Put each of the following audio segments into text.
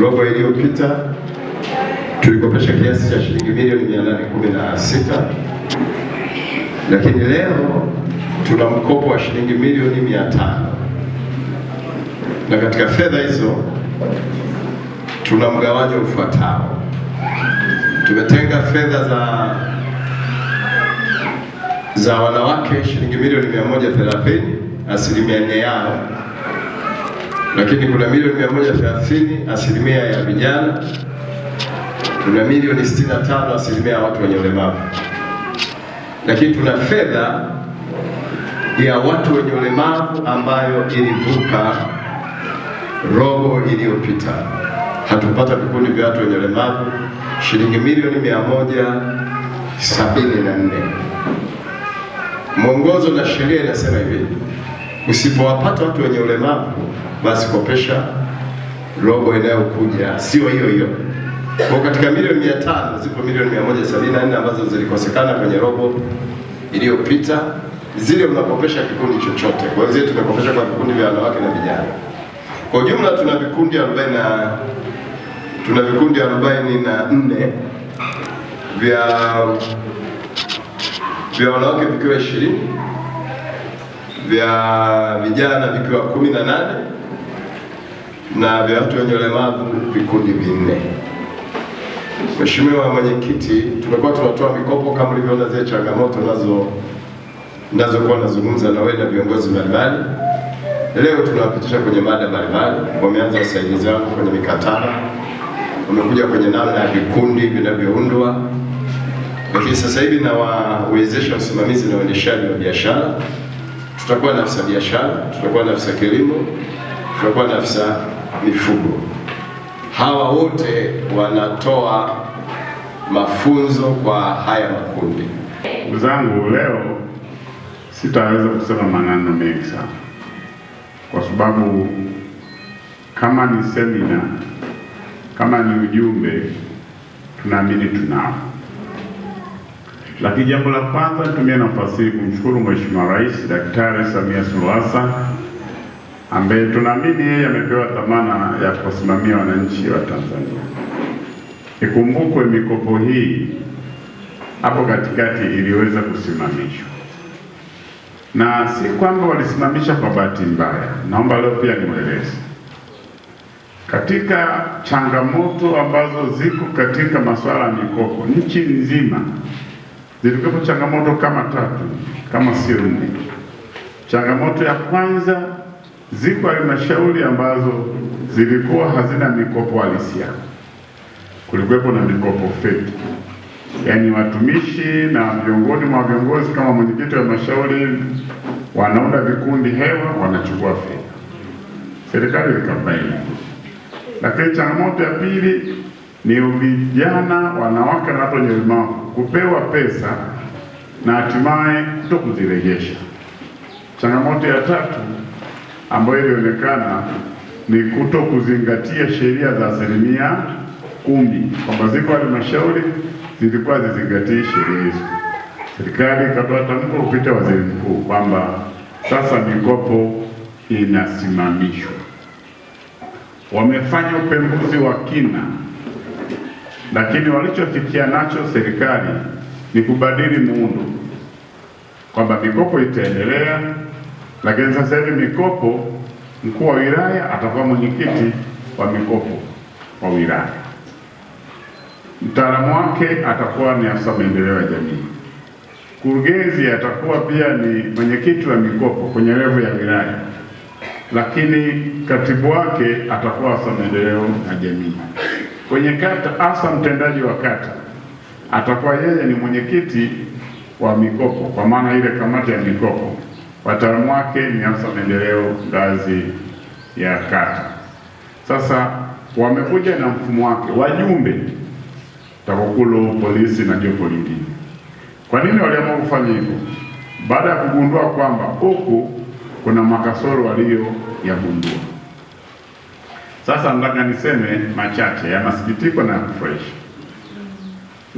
robo iliyopita tulikopesha kiasi cha shilingi milioni mia nane kumi na sita lakini leo tuna mkopo wa shilingi milioni mia tano na katika fedha hizo tuna mgawanyo ufuatao. Tumetenga fedha za za wanawake shilingi milioni mia moja thelathini, asilimia nne yao lakini kuna milioni thelathini asilimia ya vijana, tuna milioni tano asilimia ya watu wenye ulemavu, lakini tuna fedha ya watu wenye ulemavu ambayo ilivuka robo iliyopita. Hatupata vikundi vya watu wenye ulemavu shilingi milioni nne. Mwongozo na sheria inasema hivi usipowapata watu wenye ulemavu, basi kopesha robo inayokuja sio hiyo hiyo. Kwa katika milioni mia tano zipo milioni mia moja sabini na nne ambazo zilikosekana kwenye robo iliyopita, zile mnakopesha kikundi chochote. Kwa hiyo tumekopesha kwa vikundi vya wanawake na vijana. Kwa jumla tuna vikundi arobaini na tuna vikundi arobaini na nne vya vya wanawake vikiwa ishirini vya vijana vikiwa kumi na nane na vya watu wenye ulemavu vikundi vinne. Mheshimiwa Mwenyekiti, tumekuwa tunatoa mikopo kama ulivyoona zile changamoto nazo nazokuwa nazungumza na wewe na viongozi mbalimbali. Leo tunawapitisha kwenye mada mbalimbali, wameanza wasaidizi wangu kwenye mikataba, wamekuja kwenye namna ya vikundi vinavyoundwa, lakini sasa hivi nawawezesha usimamizi na uendeshaji wa biashara tutakuwa na afisa biashara, tutakuwa na afisa kilimo, tutakuwa na afisa mifugo. Hawa wote wanatoa mafunzo kwa haya makundi. Ndugu zangu, leo sitaweza kusema maneno mengi sana, kwa sababu kama ni semina, kama ni ujumbe, tunaamini tunao. Lakini jambo la kwanza nitumie nafasi hii kumshukuru Mheshimiwa Rais Daktari Samia Suluhu Hassan ambaye tunaamini yeye amepewa dhamana ya kuwasimamia wananchi wa Tanzania. Ikumbukwe mikopo hii hapo katikati iliweza kusimamishwa, na si kwamba walisimamisha kwa bahati mbaya. Naomba leo pia nimweleze katika changamoto ambazo ziko katika masuala ya mikopo nchi nzima zilikuwepo changamoto kama tatu kama sio nne. Changamoto ya kwanza, ziko halmashauri ambazo zilikuwa hazina mikopo halisia, kulikuwepo na mikopo feki, yaani watumishi na miongoni mwa viongozi kama mwenyekiti wa halmashauri wanaunda vikundi hewa, wanachukua fedha, serikali ikabaini. Lakini changamoto ya pili ni vijana wanawake na watu wenye ulemavu kupewa pesa na hatimaye kuto kuzirejesha. Changamoto ya tatu ambayo ilionekana ni kuto kuzingatia sheria za asilimia kumi, kwamba ziko halmashauri zilikuwa zizingatii sheria hizo. Serikali ikatoa tamko kupita waziri mkuu kwamba sasa mikopo inasimamishwa. Wamefanya upembuzi wa kina lakini walichofikia nacho serikali ni kubadili muundo kwamba mikopo itaendelea, lakini sasa hivi mikopo, mkuu wa wilaya atakuwa mwenyekiti wa mikopo wa wilaya, mtaalamu wake atakuwa ni afisa maendeleo ya jamii, mkurugenzi atakuwa pia ni mwenyekiti wa mikopo kwenye levo ya wilaya, lakini katibu wake atakuwa afisa maendeleo ya jamii kwenye kata, hasa mtendaji wa kata atakuwa yeye ni mwenyekiti wa mikopo, kwa maana ile kamati ya mikopo. Wataalamu wake ni afisa maendeleo ngazi ya kata. Sasa wamekuja na mfumo wake, wajumbe TAKUKURU, polisi na jopo lingine. Kwa nini waliamua kufanya hivyo? Baada ya kugundua kwamba huku kuna makasoro walio yagundua sasa nataka niseme machache ya masikitiko na kufurahisha.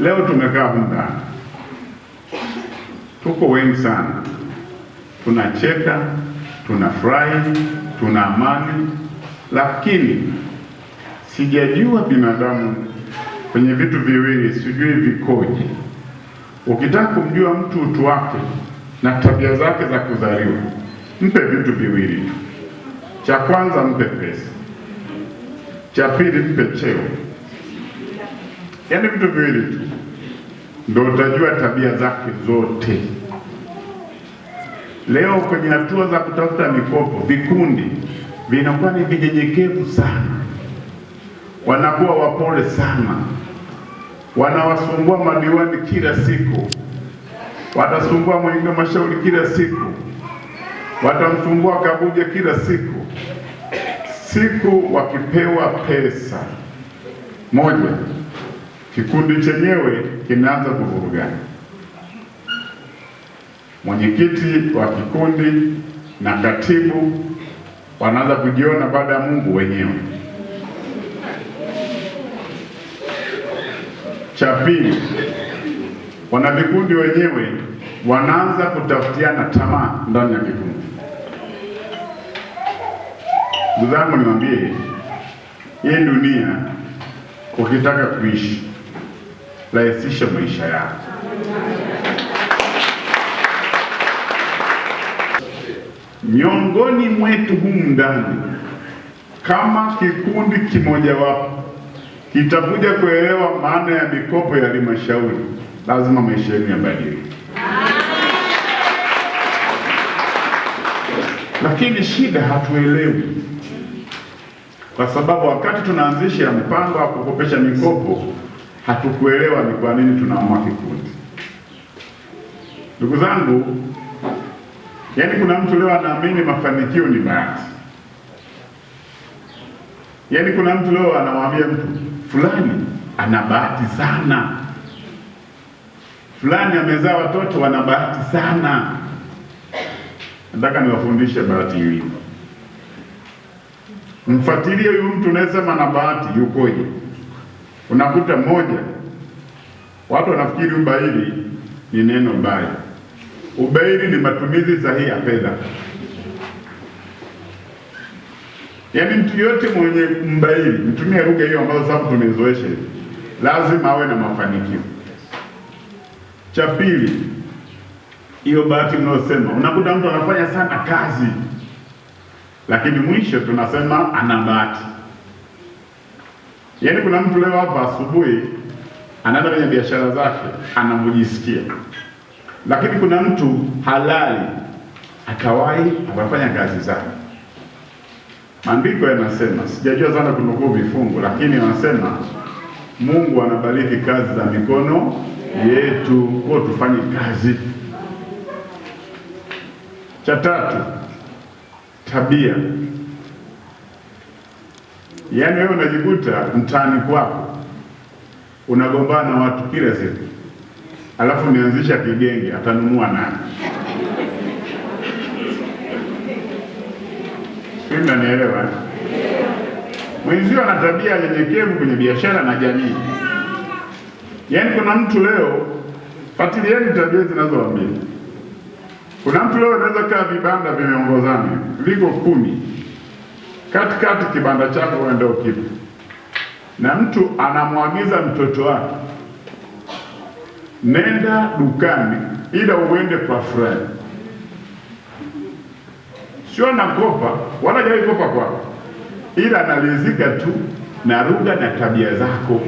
Leo tumekaa humu tuko wengi sana, tunacheka, tunafurahi, tuna amani, lakini sijajua binadamu kwenye vitu viwili sijui vikoje. Ukitaka kumjua mtu utu wake na tabia zake za kuzaliwa, mpe vitu viwili tu. Cha kwanza, mpe pesa cha pili mpe cheo, yaani vitu viwili tu ndio utajua tabia zake zote. Leo kwenye hatua za kutafuta mikopo, vikundi vinakuwa ni vinyenyekevu sana, wanakuwa wapole sana, wanawasumbua madiwani kila siku, watasumbua mwenye mashauri kila siku, watamsumbua Kabuja kila siku siku wakipewa pesa moja, kikundi chenyewe kinaanza kuvurugana. Mwenyekiti wa kikundi na katibu wanaanza kujiona baada ya Mungu wenyewe. Cha pili, wanavikundi wenyewe wanaanza kutafutiana tamaa ndani ya kikundi. Ndugu zangu, niwaambie hii dunia, ukitaka kuishi, rahisisha maisha yako. Miongoni mwetu humu ndani, kama kikundi kimojawapo kitakuja kuelewa maana ya mikopo ya halmashauri, lazima maisha yenu yabadilike. Lakini shida hatuelewi kwa sababu wakati tunaanzisha mpango wa kukopesha mikopo hatukuelewa ni kwa nini tunaamua kikundi. Ndugu zangu, yaani kuna mtu leo anaamini mafanikio ni bahati. Yaani kuna mtu leo anamwambia mtu fulani ana bahati sana, fulani amezaa watoto wana bahati sana. Nataka niwafundishe bahati hii mfuatilie huyu mtu unayesema na bahati yukoje. Unakuta mmoja, watu wanafikiri ubaili ni neno baya. Ubaili ni matumizi sahihi ya fedha. Yaani mtu yote mwenye mbaili, mtumie lugha hiyo ambayo sasa tumezoesha, lazima awe na mafanikio. Cha pili, hiyo bahati mnayosema, unakuta mtu anafanya sana kazi lakini mwisho tunasema ana bahati. Yaani kuna mtu leo hapa asubuhi anaenda kwenye biashara zake anamjisikia, lakini kuna mtu halali akawahi akafanya kazi zake. Maandiko yanasema, sijajua sana kunukuu vifungu, lakini anasema Mungu anabariki kazi za mikono yetu, kwa tufanye kazi. Cha tatu tabia. Yaani wewe unajikuta mtaani kwako unagombana na watu kila siku, alafu nianzisha kigenge, atanunua nani? Mnanielewa? Eh? Mwenzio ana tabia ya nyenyekevu kwenye biashara na jamii. Yaani kuna mtu leo, fatilieni tabia zinazoambia kuna mtu leo anaweza kaa vibanda vimeongozana viko kumi, katikati kibanda chako uende ukipe, na mtu anamwagiza mtoto wake, nenda dukani, ila uende kwa fulani, sio nakopa wala jai kopa kwako, ila analizika tu na lugha na tabia zako.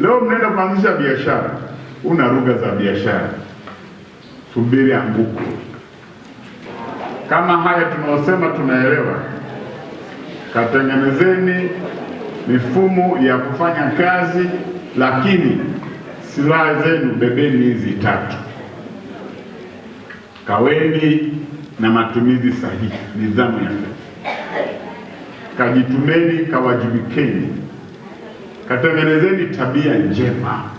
Leo mnaenda kuanzisha biashara, una lugha za biashara subiri anguko. Kama haya tunaosema tunaelewa, katengenezeni mifumo ya kufanya kazi, lakini silaha zenu bebeni hizi tatu, kaweni na matumizi sahihi, nidhamu ya kajitumeni, kawajibikeni, katengenezeni tabia njema.